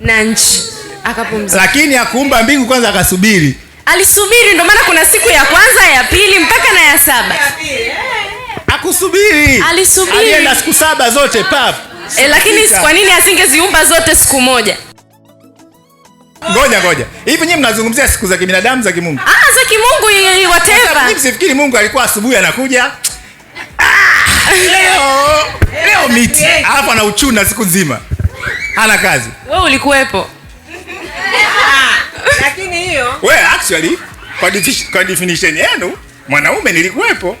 na nchi akapumzika, lakini akuumba mbingu kwanza, akasubiri alisubiri. Ndio maana kuna siku ya kwanza, ya pili mpaka na ya saba. Eh, eh. Akusubiri, alisubiri, alienda siku saba zote ah. pap. E, lakini kwa nini asingeziumba zote siku moja? Ngoja ngoja, hivi nyinyi mnazungumzia siku za kibinadamu za kimungu? Ah, za kimungu whatever. Mimi sifikiri Mungu alikuwa asubuhi anakuja ah, leo leo miti alafu anauchuna siku nzima hana kazi. Wewe ulikuwepo. Lakini hiyo well, actually kwa, defi kwa definition yenu mwanaume nilikuwepo.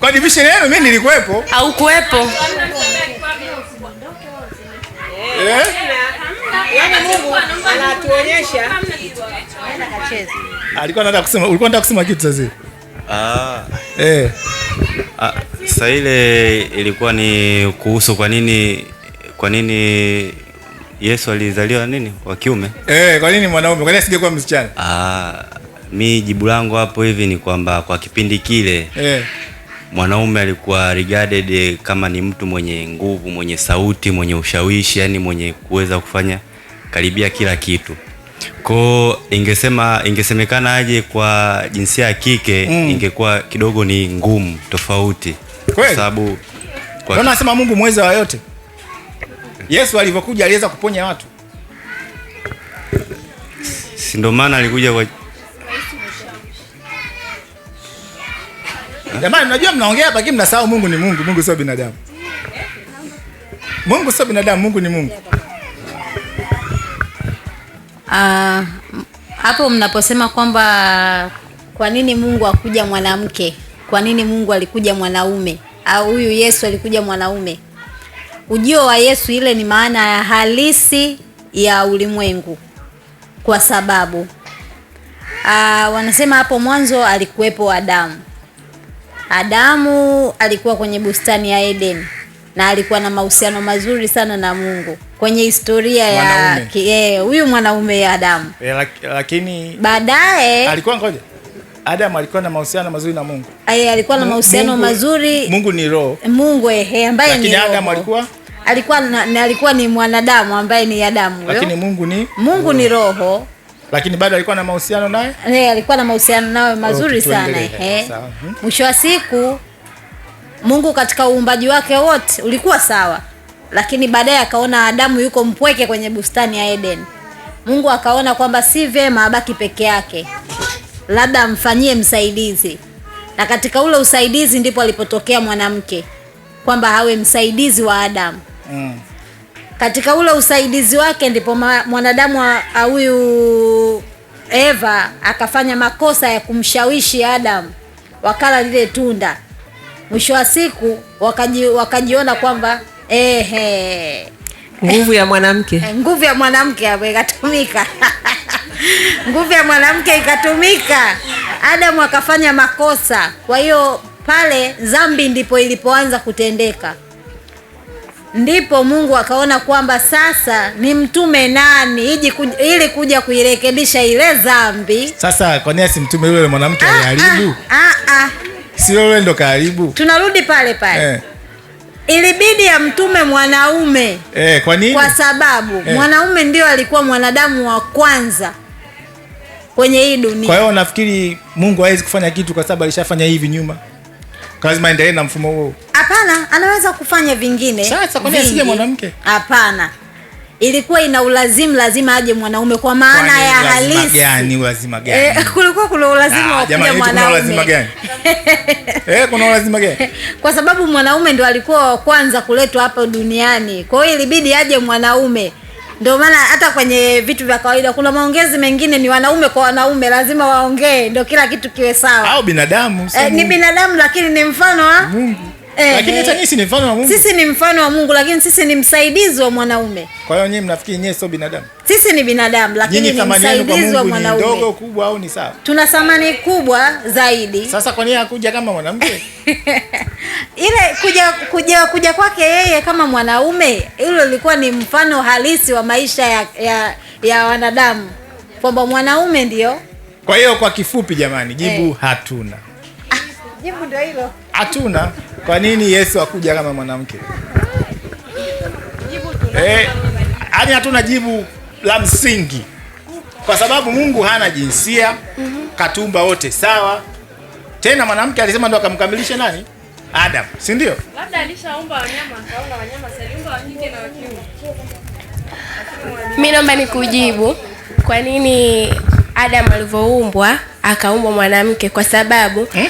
Kwa definition yenu mimi nilikuwepo. Haukuwepo. Eh? Yaani ah, alikuwa anataka kusema, ulikuwa unataka kusema kitu sasa. Ah. Eh. Ah. Sasa ile ilikuwa ni kuhusu kwa nini kwa nini Yesu alizaliwa nini wa kiume eh, kwa nini mwanaume, kwa nini asingekuwa msichana? Ah, mi jibu langu hapo hivi ni kwamba kwa kipindi kile eh, mwanaume alikuwa regarded eh, kama ni mtu mwenye nguvu, mwenye sauti, mwenye ushawishi, yani mwenye kuweza kufanya karibia kila kitu ko ingesema ingesemekana aje kwa jinsia ya kike mm, ingekuwa kidogo ni ngumu tofauti Sababu kwa nasema Mungu mweza wa yote. Yesu alivyokuja aliweza kuponya watu. Si ndio maana alikuja kwa Jamani, unajua mnaongea hapa lakini mnasahau Mungu ni Mungu, Mungu sio binadamu. Mungu sio binadamu, Mungu ni Mungu. Ah, hapo mnaposema kwamba kwa nini Mungu akuja mwanamke? kwa nini Mungu alikuja mwanaume au huyu Yesu alikuja mwanaume. Ujio wa Yesu, ile ni maana ya halisi ya ulimwengu, kwa sababu aa, ah, wanasema hapo mwanzo alikuwepo Adamu. Adamu alikuwa kwenye bustani ya eden na alikuwa na mahusiano mazuri sana na Mungu kwenye historia ya eh, huyu mwanaume Adamu, eh, lakini baadaye alikuwa ngoja Adam alikuwa na mahusiano mazuri na Mungu. Aye, alikuwa na mahusiano mazuri. Mungu ni roho. Mungu ehe, ambaye ni roho. Adam alikuwa alikuwa na, alikuwa ni mwanadamu ambaye ni Adamu huyo. Lakini Mungu ni Mungu ni roho. Lakini bado alikuwa na mahusiano naye? Eh, alikuwa na mahusiano naye mazuri oh, sana. Eh. Mwisho wa siku Mungu katika uumbaji wake wote ulikuwa sawa. Lakini baadaye akaona Adamu yuko mpweke kwenye bustani ya Eden. Mungu akaona kwamba si vema abaki peke yake labda amfanyie msaidizi, na katika ule usaidizi ndipo alipotokea mwanamke kwamba awe msaidizi wa Adamu mm. Katika ule usaidizi wake ndipo mwanadamu huyu Eva akafanya makosa ya kumshawishi Adamu wakala lile tunda. Mwisho wa siku wakaji, wakajiona kwamba ehe, nguvu ya mwanamke nguvu ya mwanamke hapo ikatumika. nguvu ya mwanamke ikatumika, Adamu akafanya makosa. Kwa hiyo pale dhambi ndipo ilipoanza kutendeka, ndipo Mungu akaona kwamba sasa ni mtume nani iji ku, ili kuja kuirekebisha ile dhambi. Sasa kwa nini asimtume yule mwanamke ah, aliharibu? Ah, ah, si yule ndo kaharibu. Tunarudi pale pale eh. Ilibidi amtume mwanaume eh, kwa nini? Kwa sababu eh, mwanaume ndio alikuwa mwanadamu wa kwanza kwenye hii dunia. Kwa hiyo nafikiri Mungu hawezi kufanya kitu kwa sababu alishafanya hivi nyuma, lazima endelee na mfumo huo. Hapana, anaweza kufanya vingine. Sasa kwa nini asije mwanamke? Hapana, ilikuwa ina ulazimu lazima aje mwanaume kwa maana ya halisi gani? Ulazima eh, gani? Eh, kulikuwa kuna ulazima ah, wa kuja mwanaume. Eh, kuna ulazima gani? Kwa sababu mwanaume ndo alikuwa wa kwanza kuletwa hapa duniani, kwa hiyo ilibidi aje mwanaume ndio maana hata kwenye vitu vya kawaida kuna maongezi mengine ni wanaume kwa wanaume, lazima waongee ndio kila kitu kiwe sawa. Au binadamu eh, ni binadamu lakini ni mfano wa Mungu. Eh, lakini hata nyinyi eh, ni mfano wa Mungu. Sisi ni mfano wa Mungu lakini sisi ni msaidizi wa mwanaume. Kwa hiyo nyinyi mnafikiri nyinyi sio binadamu? Sisi ni binadamu lakini ni msaidizi wa mwanaume. Ni Ndogo kubwa au ni sawa? Tuna thamani kubwa zaidi. Sasa kwa nini hakuja kama mwanamke? Ile kuja kuja kuja kwake yeye kama mwanaume, hilo lilikuwa ni mfano halisi wa maisha ya ya, ya wanadamu. Kwamba mwanaume ndio. Kwa hiyo kwa kifupi jamani, jibu hey, eh. hatuna. Ah, jibu ndio hilo. Hatuna. Kwa nini Yesu akuja kama mwanamke? Eh, yaani hatuna jibu la msingi, kwa sababu Mungu hana jinsia, mhm. katumba wote sawa. Tena mwanamke alisema ndo akamkamilisha nani? Adam, si ndio? Labda alishaumba wanyama, akaona wanyama saliumba wa kike na wa kiume. Mimi naomba nikujibu kwa nini Adam alivyoumbwa akaumbwa mwanamke, kwa sababu hmm?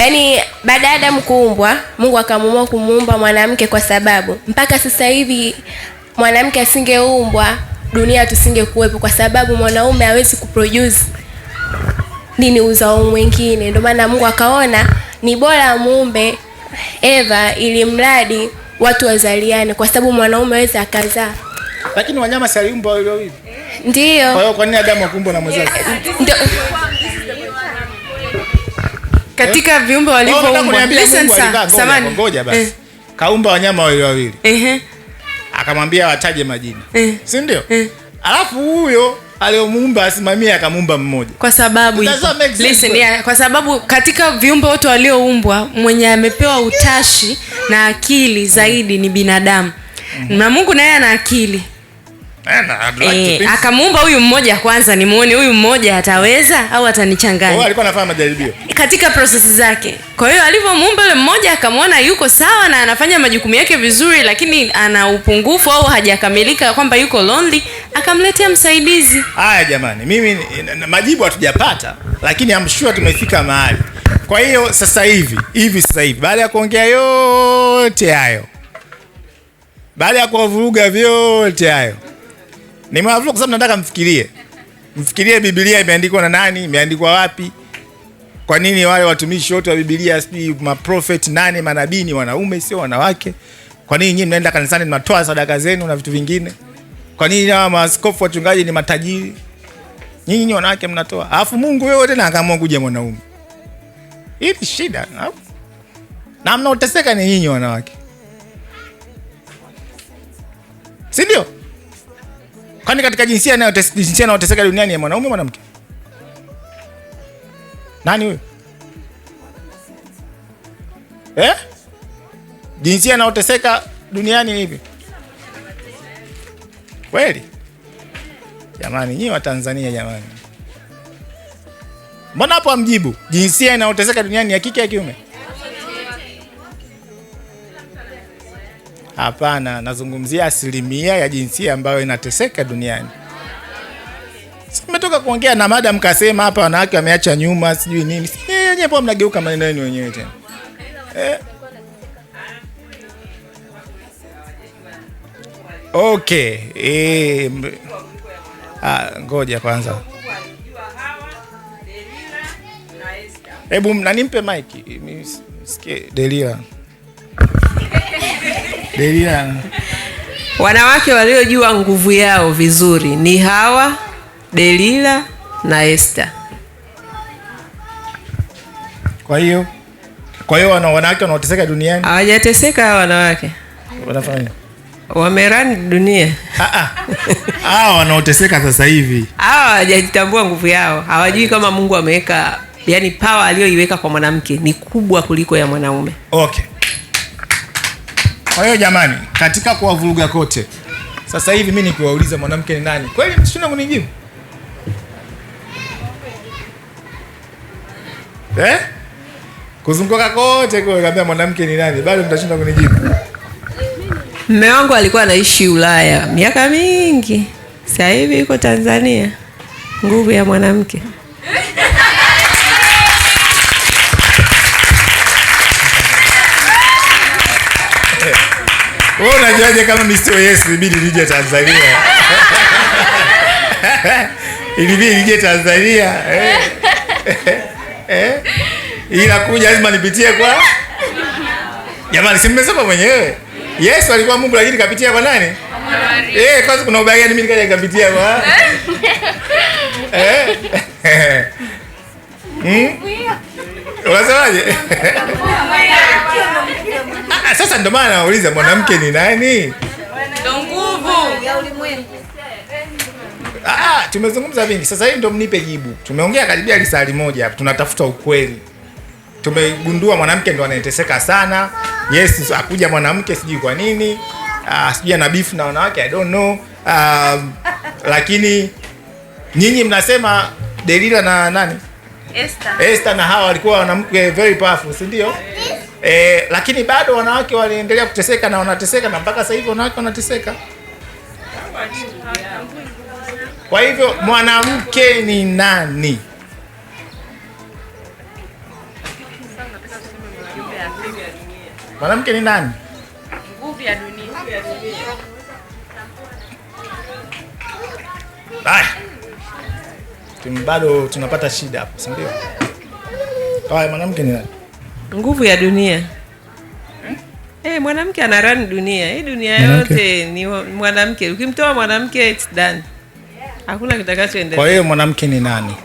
Yaani baada ya Adamu kuumbwa, Mungu akaamua kumuumba mwanamke kwa sababu mpaka sasa hivi mwanamke asingeumbwa, dunia tusingekuwepo, kwa sababu mwanaume hawezi kuproduce nini uzao mwingine. Ndio maana Mungu akaona ni bora muumbe Eva ili mradi watu wazaliane, kwa sababu mwanaume hawezi akazaa. Lakini wanyama si aliumbwa hivyo Ndio. Kwa hiyo kwa nini Adamu akumbwa na mwenzake? Ndio katika eh, viumbe oh, walivyoumbwa. basi eh. Kaumba wanyama wawili wawili eh, akamwambia wataje majina eh, si ndio eh? Alafu huyo aliyomuumba asimamia akamuumba mmoja, kwa sababu listen, yeah, kwa sababu katika viumbe wote walioumbwa mwenye amepewa utashi na akili zaidi ni binadamu, mhm. na Mungu naye ana akili Eh, akamuumba huyu mmoja kwanza, nimuone huyu mmoja ataweza au atanichanganya. Oh, alikuwa anafanya majaribio katika prosesi zake. Kwa hiyo alivyomuumba yule mmoja, akamwona yuko sawa na anafanya majukumu yake vizuri, lakini ana upungufu au hajakamilika, kwamba yuko lonely, akamletea msaidizi. Haya jamani, mimi majibu hatujapata, lakini I'm sure tumefika mahali. Kwa hiyo sasa hivi hivi sasa hivi baada ya kuongea yote hayo, baada ya kuwavuruga vyote hayo Nimewavuta kwa sababu nataka mfikirie, mfikirie Biblia imeandikwa na nani, imeandikwa wapi. Kwa nini wale watumishi wote wa Biblia, sijui maprofeti nani, manabii ni wanaume, sio wanawake? Kwa nini nyinyi mnaenda kanisani mnatoa sadaka zenu na vitu vingine? Kwa nini hawa maaskofu wachungaji ni matajiri, nyinyi wanawake mnatoa? Alafu Mungu wewe tena akaamua kuja mwanaume, hii shida na mnaoteseka ni nyinyi wanawake, si ndio? Kwani katika jinsia inayoteseka duniani ya mwanaume mwanamke? Nani huyo? Eh? Jinsia inayoteseka duniani ni Kweli? Jamani nyi wa Tanzania jamani. Mbona hapo amjibu? Jinsia inayoteseka duniani ya kike ya kiume? Hapana, nazungumzia asilimia ya jinsia ambayo inateseka duniani. metoka kuongea na madam kasema hapa wanawake wameacha nyuma, sijui nini. Eh, wenyewe hapo mnageuka maneno yenu wenyewe tena eh. Okay, eh, ah, ngoja kwanza, hebu nanimpe mik mike msikie Delila. Deliana. Wanawake waliojua nguvu yao vizuri ni hawa Delila na Esther. Kwa hiyo kwa hiyo wana wanawake wanaoteseka duniani hawajateseka hawa wanawake, wanafanya wamerani dunia. Ah, ah. Hawa wanaoteseka sasa hivi hawa hawajajitambua nguvu yao, hawajui kama Mungu ameweka, yani power aliyoiweka kwa mwanamke ni kubwa kuliko ya mwanaume. Okay. Kwa hiyo jamani, katika kuwavuruga kote, sasa hivi mimi nikiwauliza mwanamke ni nani, kweli mshinda kunijibu eh? Kuzunguka kote kwa kaambia mwanamke ni nani, bado mtashinda kunijibu. mme wangu alikuwa anaishi Ulaya miaka mingi, sasa hivi yuko Tanzania. Nguvu ya mwanamke Wewe unajuaje kama ni Yesu nije Tanzania? Ilibidi nije Tanzania. Eh. Eh. Eh. Ila kuja lazima nipitie kwa Jamani, si mmesema mwenyewe. Yesu alikuwa Mungu lakini kapitia kwa nani? kwanza kuna ubaya gani nikaja kapitia kwa? Hmm? Unasemaje? Ah, ah, sasa ndio maana nauliza mwanamke ni nani? Ndio nguvu ya ulimwengu. Ah, ah, tumezungumza vingi. Sasa hivi ndio mnipe jibu. Tumeongea karibia lisali moja hapa, tunatafuta ukweli. Tumegundua mwanamke ndo anateseka sana. Yes, akuja mwanamke sijui kwa nini. Ah, sijui ana beef na wanawake, I don't know. Ah, lakini nyinyi mnasema Delila na nani? Esther. Esther na hawa walikuwa wanamke very powerful, si ndio? E, lakini bado wanawake waliendelea kuteseka na wanateseka na mpaka sasa hivi wanawake wanateseka. Kwa hivyo mwanamke ni nani? Mwanamke ni nani? Nguvu ya dunia. Bado tunapata shida hapo, si ndio? Haya, mwanamke ni nani? nguvu ya dunia hmm? Hey, eh, mwanamke anarani dunia hii, dunia mwanamke yote ni mwanamke. Ukimtoa mwanamke it's done, hakuna kitakachoendelea. Kwa hiyo mwanamke ni nani?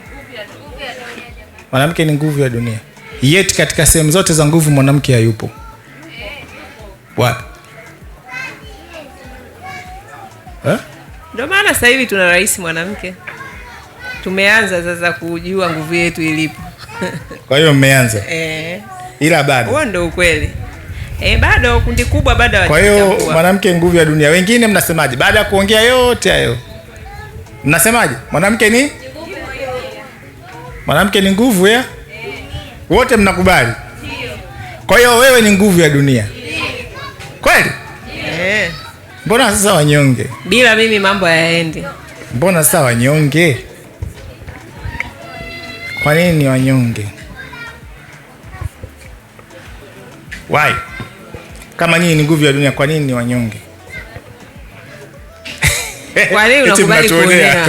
Mwanamke ni nguvu ya dunia, yet katika sehemu zote za nguvu mwanamke hayupo. Wapi? Eh? Ndio maana sasa hivi tuna rais mwanamke, tumeanza sasa kujua nguvu yetu ilipo. Kwa hiyo mmeanza eh ila bado huo ndio ukweli. E, bado kundi kubwa bado. Kwa hiyo mwanamke nguvu ya dunia. Wengine mnasemaje? Baada ya kuongea yote hayo, mnasemaje? Mwanamke ni mwanamke ni nguvu ya wote, mnakubali? Kwa hiyo wewe ni nguvu ya dunia kweli? Eh. Mbona sasa wanyonge? Bila mimi mambo hayaendi. Mbona sasa wanyonge? Kwa nini ni wanyonge? Why? Kama nyinyi ni nguvu ya dunia, kwa nini ni wanyonge? Kwa nini unakubali kuonewa?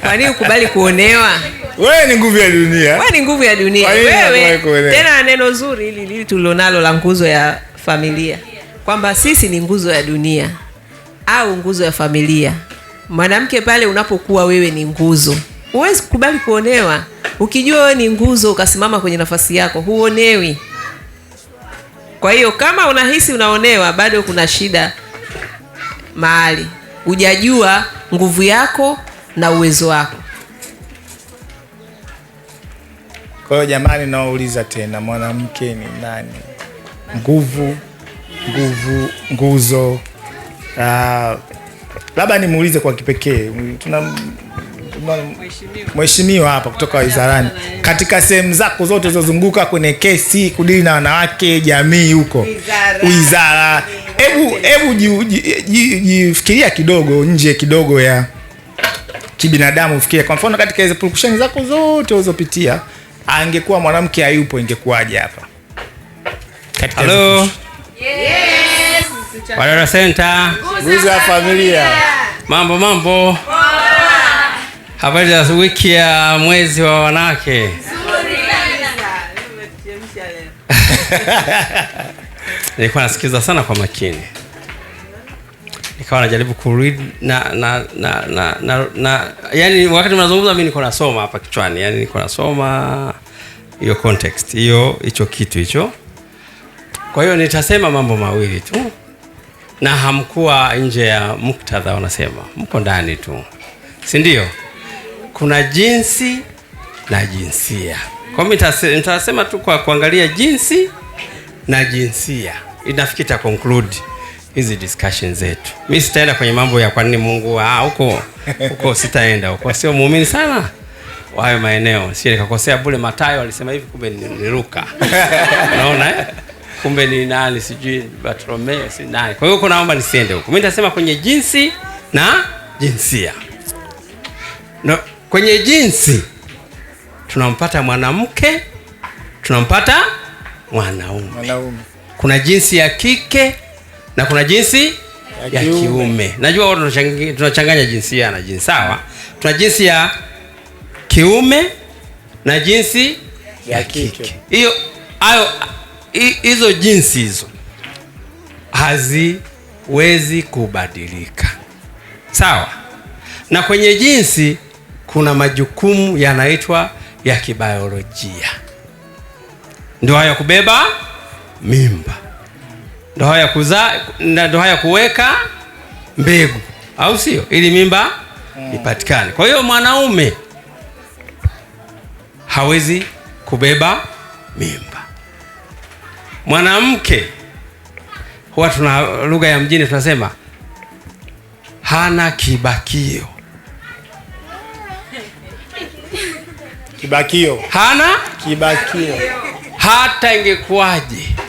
Kwa nini ukubali kuonewa? Wewe ni nguvu ya dunia. Wewe ni nguvu ya dunia. Wewe tena neno zuri hili lili tulilonalo la nguzo ya familia kwamba sisi ni nguzo ya dunia au nguzo ya familia. Mwanamke pale unapokuwa wewe ni nguzo, huwezi kukubali kuonewa. Ukijua wewe ni nguzo ukasimama kwenye nafasi yako, huonewi. Kwa hiyo kama unahisi unaonewa, bado kuna shida mahali, hujajua nguvu yako na uwezo wako. Kwa hiyo jamani, nawauliza tena, mwanamke ni nani? Nguvu, nguvu, nguzo. Uh, labda nimuulize kwa kipekee, tuna mheshimiwa hapa kutoka wizarani, katika sehemu zako zote zozunguka kwenye kesi, kudili na wanawake, jamii, huko wizara, hebu hebu jifikiria kidogo nje kidogo ya kibinadamu. Fikiria kwa mfano, katika hizo purukushani zako zote ulizopitia, angekuwa mwanamke hayupo, ingekuwaje hapa? Hello. Yes. Wadada Center. Nguzo ya familia. Mambo mambo. Habari za wiki ya mwezi wa wanawake. Nilikuwa nasikiza sana kwa makini, nikawa najaribu read na, na, na, na, na, na yani, wakati mnazungumza mi niko nasoma hapa kichwani, yani niko nasoma hiyo context hiyo, hicho kitu hicho. Kwa hiyo nitasema mambo mawili tu, na hamkuwa nje ya muktadha, wanasema mko ndani tu, si ndio? kuna jinsi na jinsia. Kwa hiyo nitasema tu kwa kuangalia jinsi na jinsia, inafikiri ta conclude hizi discussion zetu. Mi sitaenda kwenye mambo ya kwa nini Mungu ah, huko huko sitaenda huko, sio muumini sana wayo maeneo, si nikakosea bule. Matayo alisema hivi, kumbe ni Luka unaona eh? kumbe ni nani, sijui Bartolomeo, si nani. Kwa hiyo huko naomba nisiende huko, mi nitasema kwenye jinsi na jinsia no. Kwenye jinsi tunampata mwanamke, tunampata mwanaume. Mwanaume kuna jinsi ya kike na kuna jinsi ya, ya kiume. Najua watu tunachanganya jinsia na jinsi, sawa. Tuna jinsi ya kiume na jinsi ya, ya kike. Hiyo hayo hizo jinsi hizo haziwezi kubadilika, sawa. Na kwenye jinsi kuna majukumu yanaitwa ya kibayolojia, ndio haya kubeba mimba, ndio haya kuzaa, ndio haya kuweka mbegu, au sio? Ili mimba mm. ipatikane. Kwa hiyo mwanaume hawezi kubeba mimba, mwanamke huwa tuna lugha ya mjini tunasema hana kibakio. kibakio hana kibakio. Hata ingekuwaje